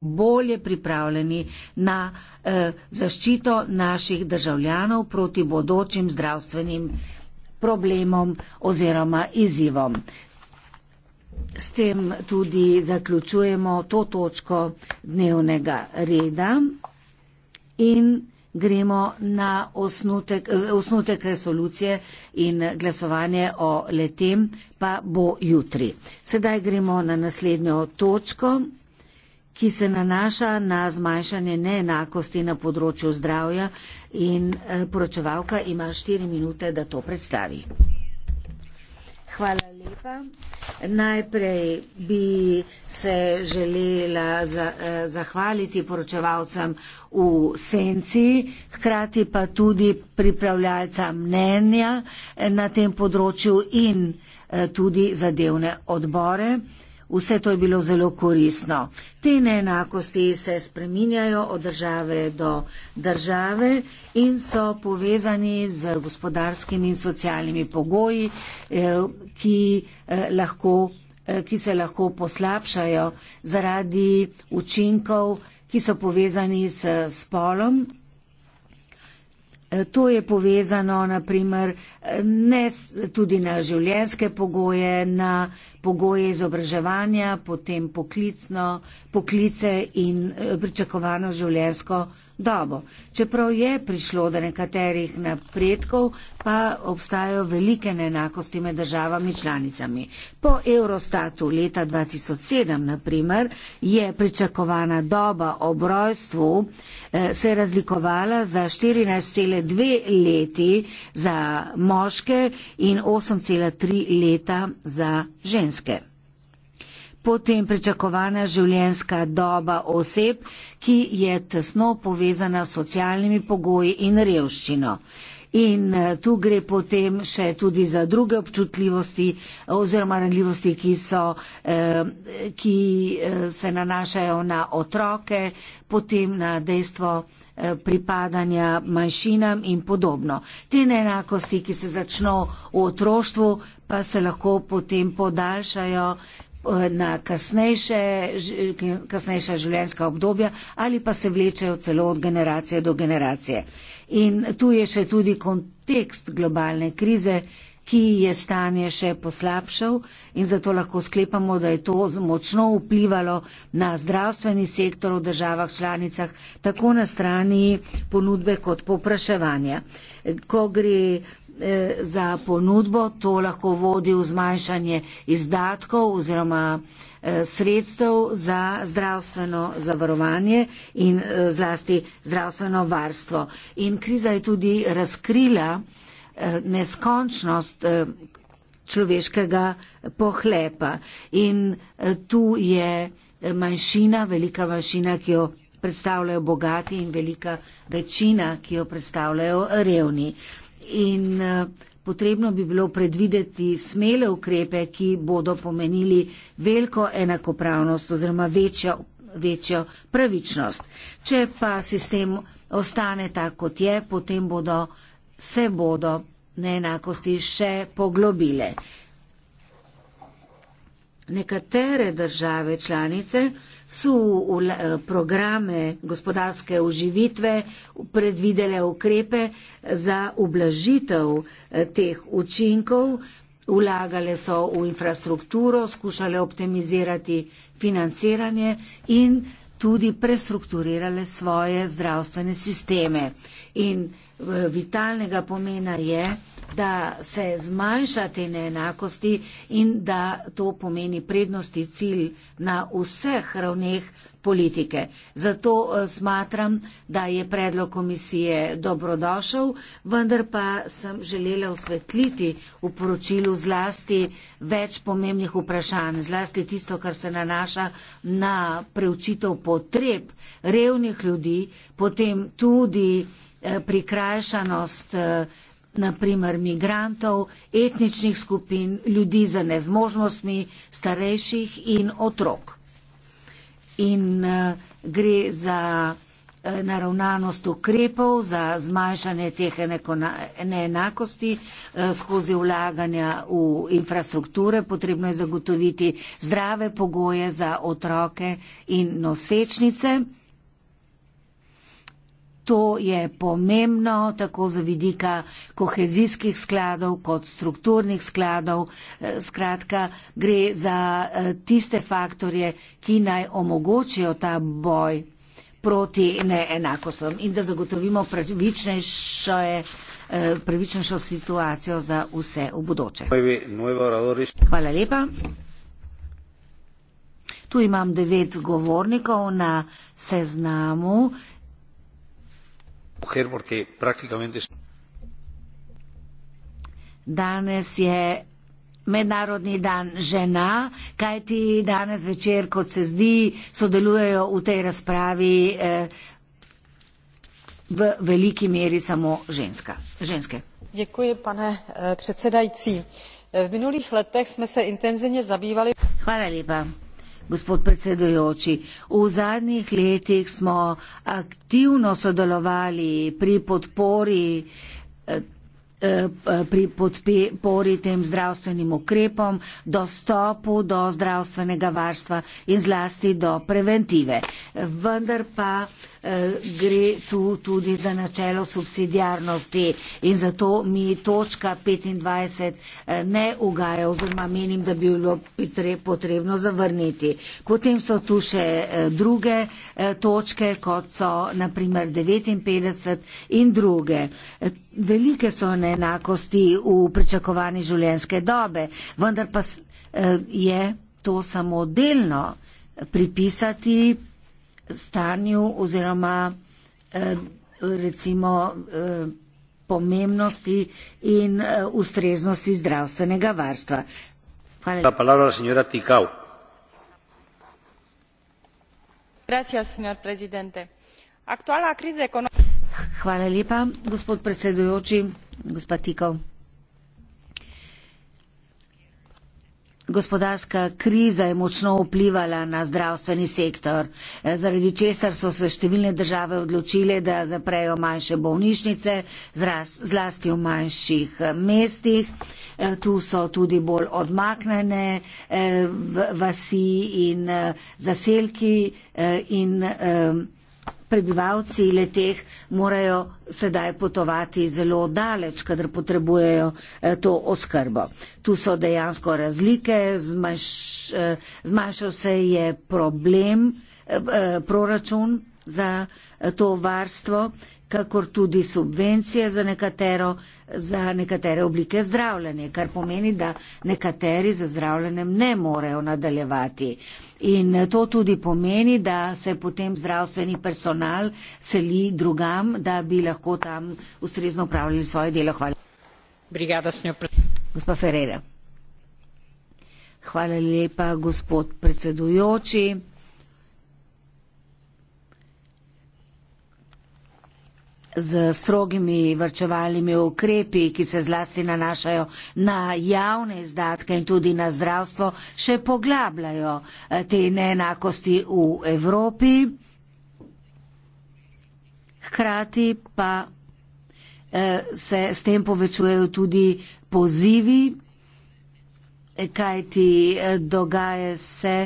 bolje pripravljeni na eh, zaščito naših državljanov proti bodočim zdravstvenim problemom oziroma izzivom. S tem tudi zaključujemo to točko dnevnega reda in gremo na osnutek, eh, osnutek resolucije in glasovanje o letem pa bo jutri. Sedaj gremo na naslednjo točko ki se nanaša na zmanjšanje neenakosti na področju zdravja in eh, poročevalka ima štiri minute, da to predstavi. Hvala lepa. Najprej bi se želela za, eh, zahvaliti poročevalcem v senci, hkrati pa tudi pripravljalca mnenja eh, na tem področju in eh, tudi zadevne odbore. Eh, Vse to je bilo zelo korisno. Te neenakosti se spreminjajo od države do države in so povezani z gospodarskimi in socialnimi pogoji, eh, ki, eh, lahko, eh, ki se lahko poslabšajo zaradi učinkov, ki so povezani s spolom Eh, to je povezano naprimer eh, ne tudi na življenske pogoje, na pogoje izobraževanja, potem poklicno, poklice in eh, pričakovano življensko dobo. Čeprav je prišlo do nekaterih napredkov, pa obstajajo velike neenakosti med državami članicami. Po Eurostatu leta 2007, naprimer, je pričakovana doba ob rojstvu eh, se razlikovala za 14,2 leti za moške in 8,3 leta za ženske potem pričakovana življenjska doba oseb, ki je tesno povezana s socialnimi pogoji in revščino. In eh, tu gre potem še tudi za druge občutljivosti oziroma ranljivosti, ki, so, eh, ki eh, se nanašajo na otroke, potem na dejstvo pripadanja manjšinam in podobno. Te neenakosti, ki se začnejo v otroštvu, pa se lahko potem podaljšajo na kasnejše, kasnejša življenjska obdobja ali pa se vlečejo celo od generacije do generacije. In tu je še tudi kontekst globalne krize, ki je stanje še poslabšal in zato lahko sklepamo, da je to močno vplivalo na zdravstveni sektor v državah članicah, tako na strani ponudbe kot popraševanja. Ko gre Eh, za ponudbo, to lahko vodi v zmanjšanje izdatkov oziroma eh, sredstev za zdravstveno zavarovanje in eh, zlasti zdravstveno varstvo. In kriza je tudi razkrila neskončnost človeškega pohlepa. In tu je manjšina, velika manjšina, ki jo predstavljajo bogati in velika večina, ki jo predstavljajo revni in eh, potrebno bi bilo predvideti smele ukrepe, ki bodo pomenili veliko enakopravnost oziroma večjo, večjo pravičnost. Če pa sistem ostane tak, kot je, potem bodo, se bodo neenakosti še poglobile. Nekatere države članice so v eh, programe gospodarske oživitve predvidele ukrepe za ublažitev eh, teh učinkov, vlagale so v infrastrukturo, skušale optimizirati financiranje in tudi prestrukturirale svoje zdravstvene sisteme. In eh, vitalnega pomena je, da se zmanjša te neenakosti in da to pomeni prednosti cilj na vseh ravneh politike. Zato eh, smatram, da je predlog komisije dobrodošel, vendar pa sem želela osvetliti v poročilu zlasti več pomembnih vprašanj, zlasti tisto, kar se nanaša na preučitev potreb revnih ljudi, potem tudi eh, prikrajšanost eh, naprimer migrantov, etničnih skupin, ljudi z nezmožnostmi, starejših in otrok. In uh, gre za eh, naravnanost ukrepov za zmanjšanje teh neenakosti eh, skozi vlaganja v infrastrukture. Potrebno je zagotoviti zdrave pogoje za otroke in nosečnice to je pomembno tako za vidika kohezijskih skladov kot strukturnih skladov. Eh, skratka, gre za eh, tiste faktorje, ki naj omogočijo ta boj proti neenakostom in da zagotovimo eh, pravičnejšo situacijo za vse v bodoče. Hvala lepa. Tu imam devet govornikov na seznamu. Danes je mednarodni dan žena, kaj ti danes večer, kot se zdi, sodelujejo v tej razpravi eh, v veliki meri samo ženska, ženske. Děkuji, pane eh, předsedající. Eh, v minulých letech jsme se intenzivně zabývali. Hvala lepa gospod predsedujoči. V zadnjih letih smo aktivno sodelovali pri podpori eh, Eh, pri podpori tem zdravstvenim ukrepom, dostopu do zdravstvenega varstva in zlasti do preventive. Vendar pa eh, gre tu tudi za načelo subsidijarnosti in zato mi točka 25 eh, ne ugaja oziroma menim, da bi bilo potrebno zavrniti. Potem so tu še druge točke, kot so naprimer 59 in druge. Velike so ne neenakosti v pričakovani življenjske dobe. Vendar pa eh, je to samo delno pripisati stanju oziroma eh, recimo eh, pomembnosti in ustreznosti zdravstvenega varstva. Hvala. La palabra la señora Tikau. Gracias, señor presidente. Aktualna kriza ekonomije. Hvala lepa, gospod predsedujoči gospa Tikov. Gospodarska kriza je močno vplivala na zdravstveni sektor, eh, zaradi česar so se številne države odločile, da zaprejo manjše bolnišnice, zlasti v manjših eh, mestih. Eh, tu so tudi bolj odmaknene vasi in zaselki in prebivalci leteh morajo sedaj potovati zelo daleč, kadar potrebujejo eh, to oskrbo. Tu so dejansko razlike, eh, zmanjšal se je problem, eh, proračun za to varstvo kakor tudi subvencije za, nekatero, za nekatere oblike zdravljenja, kar pomeni, da nekateri za zdravljenjem ne morejo nadaljevati. In to tudi pomeni, da se potem zdravstveni personal seli drugam, da bi lahko tam ustrezno upravljali svoje delo. Hvala. Brigada s njo. Gospa Ferreira. Hvala lepa, gospod predsedujoči. z strogimi vrčevalnimi ukrepi, ki se zlasti nanašajo na javne izdatke in tudi na zdravstvo, še poglabljajo eh, te neenakosti v Evropi. Hkrati pa eh, se s tem povečujejo tudi pozivi, kaj ti eh, dogaja se,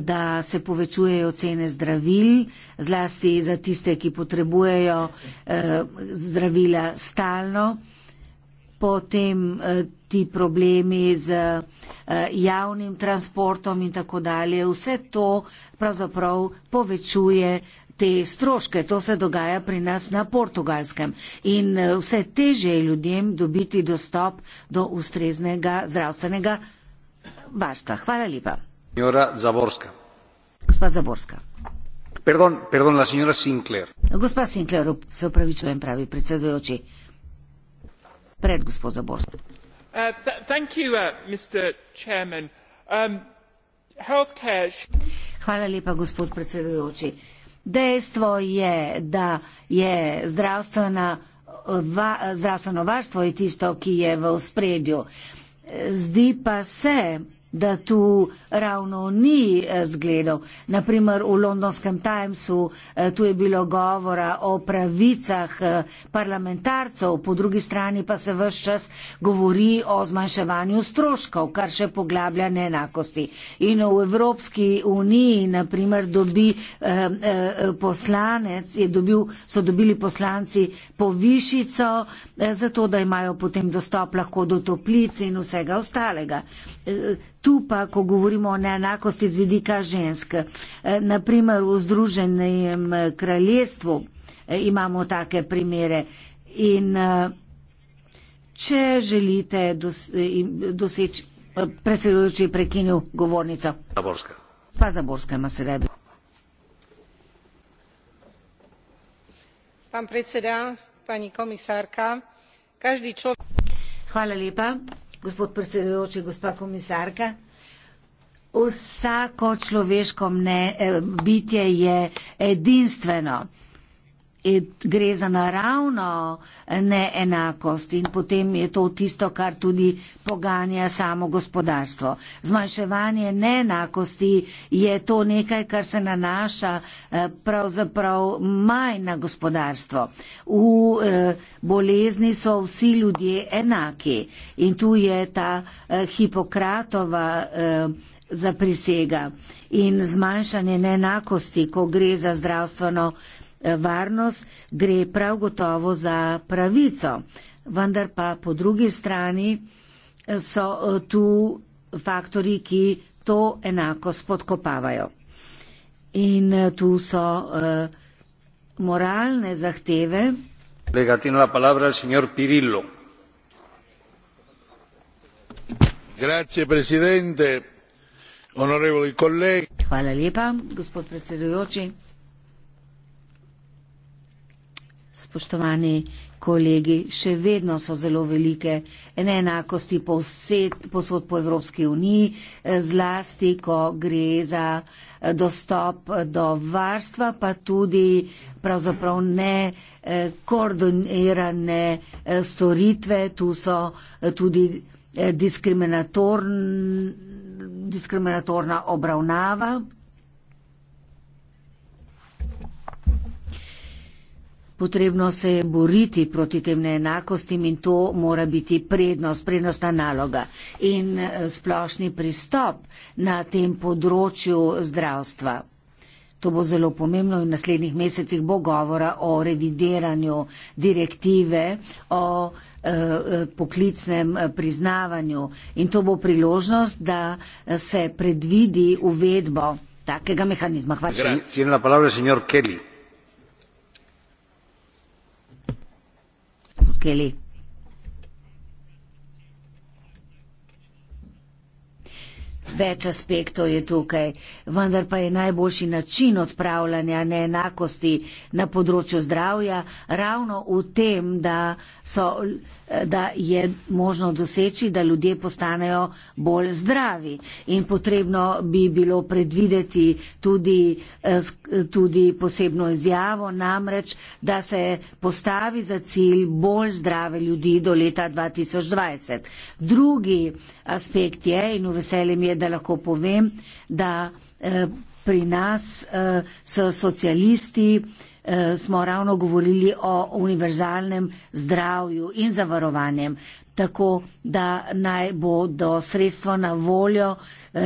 da se povečujejo cene zdravil, zlasti za tiste, ki potrebujejo eh, zdravila stalno. Potem eh, ti problemi z eh, javnim transportom in tako dalje, vse to pravzaprav povečuje te stroške. To se dogaja pri nas na portugalskem. In vse teže je ljudem dobiti dostop do ustreznega zdravstvenega varstva. Hvala lepa gospa sinclair se opravičujem pravi predsedujoči pred gospo zborsk uh, uh, um, hvala lepa gospod predsedujoči dejstvo je da je zdravstvena zdravstveno varstvo je tisto ki je v ospredju zdi pa se da tu ravno ni eh, zgledov. Naprimer v londonskem Timesu eh, tu je bilo govora o pravicah eh, parlamentarcev, po drugi strani pa se vse čas govori o zmanjševanju stroškov, kar še poglablja neenakosti. In v Evropski uniji, naprimer, dobi poslanec, dobil, so dobili poslanci povišico, zato da imajo potem dostop lahko do toplic in vsega ostalega tu pa, ko govorimo o neenakosti z vidika žensk, eh, naprimer v Združenem eh, kraljestvu eh, imamo take primere. In če želite doseči, predsedujoči je prekinil govornica. Zaborska. Pa Zaborska ima se rebi. Pan predseda, pani komisarka, každi človek. Hvala lepa gospod predsedujoči, gospa komisarka. Vsako človeško mne, eh, bitje je edinstveno. E, gre za naravno neenakost in potem je to tisto, kar tudi poganja samo gospodarstvo. Zmanjševanje neenakosti je to nekaj, kar se nanaša eh, pravzaprav manj na gospodarstvo. V eh, bolezni so vsi ljudje enaki in tu je ta eh, Hipokratova za prisega. In zmanjšanje neenakosti, ko gre za zdravstveno varnost gre prav gotovo za pravico. Vendar pa po drugi strani eh, so eh, tu faktori, ki to enako spodkopavajo. In eh, tu so moralne zahteve. Hvala lepa, gospod predsedujoči. spoštovani kolegi, še vedno so zelo velike neenakosti posod po Evropski uniji, eh, zlasti, ko gre za eh, dostop eh, do varstva, pa tudi pravzaprav ne koordinirane storitve, tu so tudi diskriminatorn, diskriminatorna obravnava. Potrebno se je boriti proti tem neenakostim in to mora biti prednost, prednost naloga in eh, splošni pristop na tem področju zdravstva. To bo zelo pomembno in v naslednjih mesecih bo govora o revideranju direktive, o e, poklicnem priznavanju in to bo priložnost, da se predvidi uvedbo takega mehanizma. Hvala. Gra. केले Več aspektov je tukaj, vendar pa je najboljši način odpravljanja neenakosti na področju zdravja ravno v tem, da, so, da je možno doseči, da ljudje postanejo bolj zdravi. In potrebno bi bilo predvideti tudi, eh, tudi posebno izjavo, namreč, da se postavi za cilj bolj zdrave ljudi do leta 2020. Drugi aspekt je in v veselim je, da lahko povem, da eh, pri nas eh, s socialisti eh, smo ravno govorili o univerzalnem zdravju in zavarovanjem, tako da naj bo do sredstva na voljo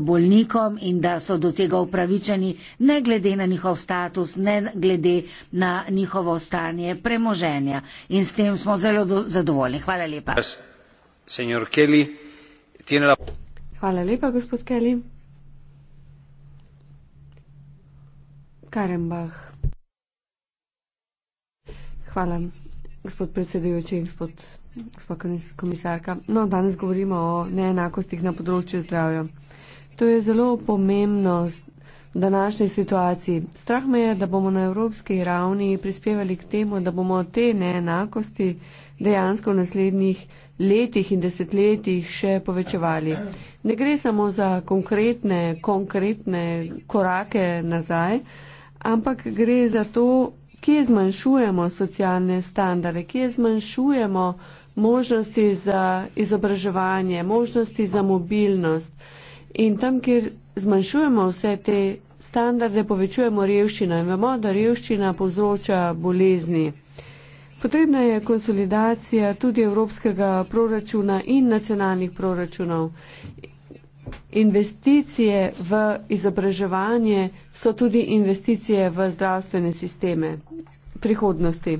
bolnikom in da so do tega upravičeni ne glede na njihov status, ne glede na njihovo stanje premoženja. In s tem smo zelo zadovoljni. Hvala lepa. Senor Kelly, tiene la... Hvala lepa, gospod Kelly. Karembah. Hvala, gospod predsedujoči, gospod, gospod komisarka. No, danes govorimo o neenakostih na področju zdravja. To je zelo pomembno v današnji situaciji. Strah me je, da bomo na evropski ravni prispevali k temu, da bomo te neenakosti dejansko v naslednjih letih in desetletjih še povečevali. Ne gre samo za konkretne, konkretne korake nazaj, ampak gre za to, kje zmanjšujemo socialne standarde, kje zmanjšujemo možnosti za izobraževanje, možnosti za mobilnost. In tam, kjer zmanjšujemo vse te standarde, povečujemo revščino in vemo, da revščina povzroča bolezni. Potrebna je konsolidacija tudi evropskega proračuna in nacionalnih proračunov investicije v izobraževanje so tudi investicije v zdravstvene sisteme prihodnosti.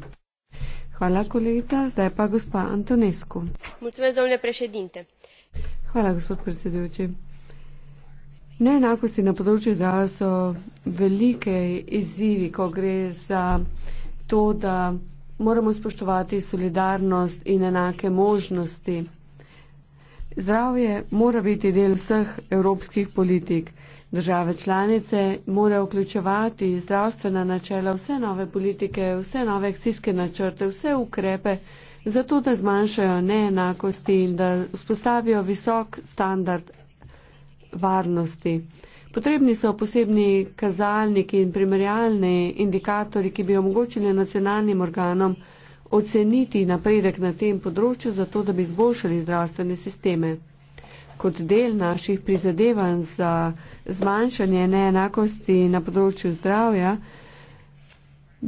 Hvala, kolegica. Zdaj pa gospa Antonescu. Hvala, gospod predsedujoči. Neenakosti na področju zdravja so velike izzivi, ko gre za to, da moramo spoštovati solidarnost in enake možnosti. Zdravje mora biti del vseh evropskih politik. Države članice morajo vključevati zdravstvena načela, vse nove politike, vse nove akcijske načrte, vse ukrepe, zato da zmanjšajo neenakosti in da vzpostavijo visok standard varnosti. Potrebni so posebni kazalniki in primerjalni indikatori, ki bi omogočili nacionalnim organom, oceniti napredek na tem področju, zato da bi izboljšali zdravstvene sisteme. Kot del naših prizadevanj za zmanjšanje neenakosti na področju zdravja,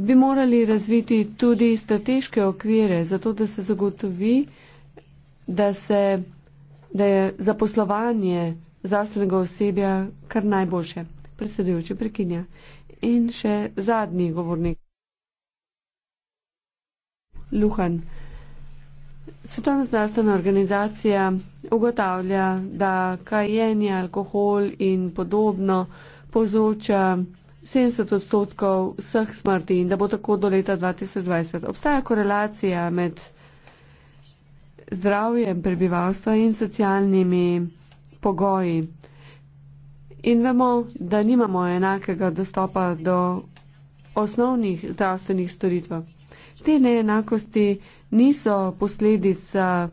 bi morali razviti tudi strateške okvire, zato da se zagotovi, da, se, da je zaposlovanje zdravstvenega osebja kar najboljše. Predsedujoči prekinja. In še zadnji govornik. Luhan. Svetovna zdravstvena organizacija ugotavlja, da kajenje, alkohol in podobno povzroča 70 odstotkov vseh smrti in da bo tako do leta 2020. Obstaja korelacija med zdravjem prebivalstva in socialnimi pogoji. In vemo, da nimamo enakega dostopa do osnovnih zdravstvenih storitev. Te neenakosti niso posledica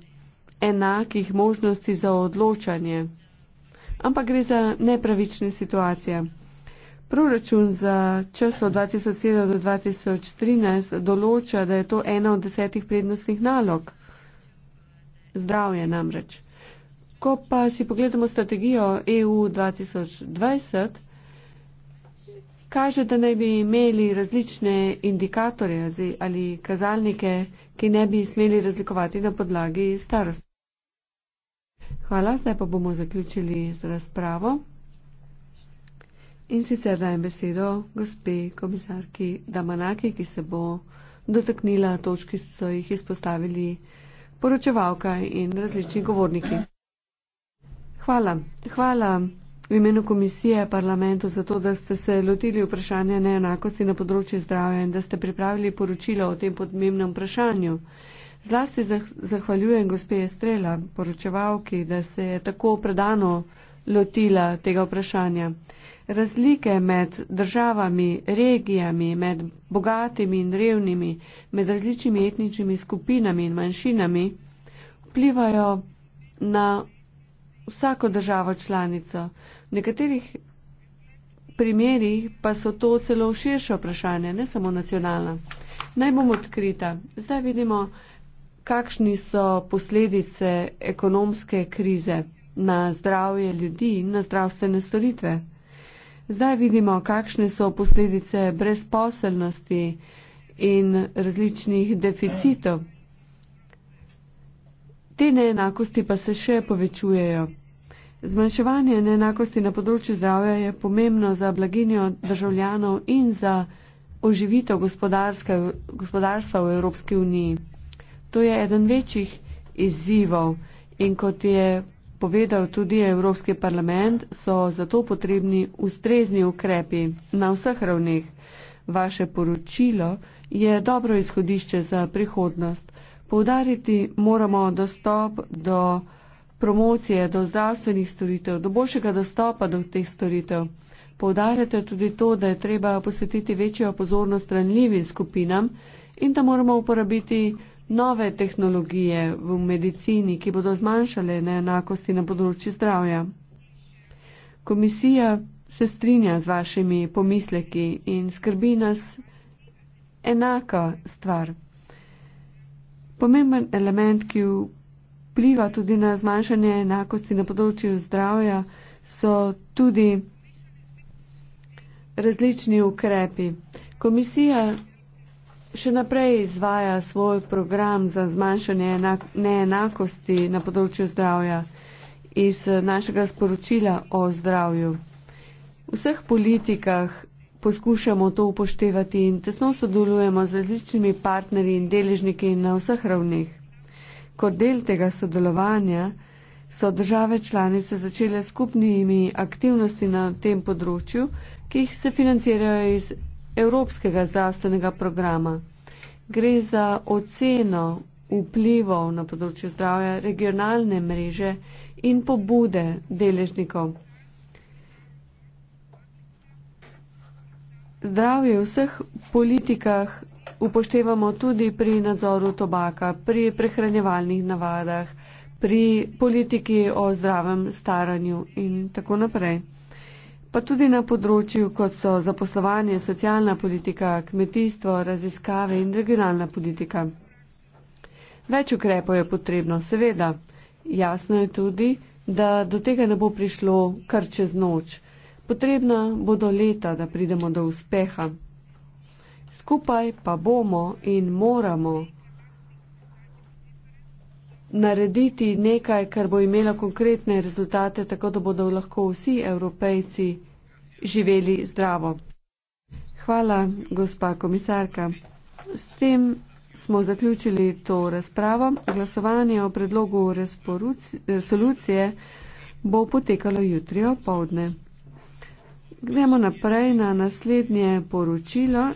enakih možnosti za odločanje, ampak gre za nepravične situacije. Proračun za čas od 2007 do 2013 določa, da je to ena od desetih prednostnih nalog. Zdravje namreč. Ko pa si pogledamo strategijo EU 2020, kaže, da naj bi imeli različne indikatorje ali kazalnike, ki ne bi smeli razlikovati na podlagi starosti. Hvala, zdaj pa bomo zaključili z razpravo. In sicer dajem besedo gospe komisarki Damanaki, ki se bo dotaknila točki, ki so jih izpostavili poročevalka in različni govorniki. Hvala. Hvala v imenu komisije parlamentu za to, da ste se lotili vprašanja neenakosti na področju zdravja in da ste pripravili poročilo o tem podmemnem vprašanju. Zlasti zahvaljujem gospe Estrela, poročevalki, da se je tako predano lotila tega vprašanja. Razlike med državami, regijami, med bogatimi in revnimi, med različnimi etničnimi skupinami in manjšinami vplivajo na vsako državo članico. V nekaterih primerjih pa so to celo širše vprašanje, ne samo nacionalna. Naj bom odkrita. Zdaj vidimo, kakšni so posledice ekonomske krize na zdravje ljudi in na zdravstvene storitve. Zdaj vidimo, kakšne so posledice brezposelnosti in različnih deficitov. Te neenakosti pa se še povečujejo. Zmanjševanje neenakosti na področju zdravja je pomembno za blaginjo državljanov in za oživitev gospodarstva v Evropski uniji. To je eden večjih izzivov in kot je povedal tudi Evropski parlament, so zato potrebni ustrezni ukrepi na vseh ravneh. Vaše poročilo je dobro izhodišče za prihodnost. Poudariti moramo dostop do promocije, do zdravstvenih storitev, do boljšega dostopa do teh storitev. Poudarjate tudi to, da je treba posvetiti večjo pozornost ranljivim skupinam in da moramo uporabiti nove tehnologije v medicini, ki bodo zmanjšale neenakosti na področju zdravja. Komisija se strinja z vašimi pomisleki in skrbi nas enaka stvar. Pomemben element, ki vpliva tudi na zmanjšanje enakosti na področju zdravja, so tudi različni ukrepi. Komisija še naprej izvaja svoj program za zmanjšanje neenakosti na področju zdravja iz našega sporočila o zdravju. V vseh politikah poskušamo to upoštevati in tesno sodelujemo z različnimi partnerji in deležniki na vseh ravneh. Kot del tega sodelovanja so države članice začele skupnimi aktivnosti na tem področju, ki jih se financirajo iz Evropskega zdravstvenega programa. Gre za oceno vplivov na področju zdravja regionalne mreže in pobude deležnikov. zdravje v vseh politikah upoštevamo tudi pri nadzoru tobaka, pri prehranjevalnih navadah, pri politiki o zdravem staranju in tako naprej. Pa tudi na področju, kot so zaposlovanje, socialna politika, kmetijstvo, raziskave in regionalna politika. Več ukrepov je potrebno, seveda. Jasno je tudi, da do tega ne bo prišlo kar čez noč. Potrebna bodo leta, da pridemo do uspeha. Skupaj pa bomo in moramo narediti nekaj, kar bo imelo konkretne rezultate, tako da bodo lahko vsi evropejci živeli zdravo. Hvala, gospa komisarka. S tem smo zaključili to razpravo. Glasovanje o predlogu resolucije bo potekalo jutri o povdne. Gremo naprej na naslednje poročilo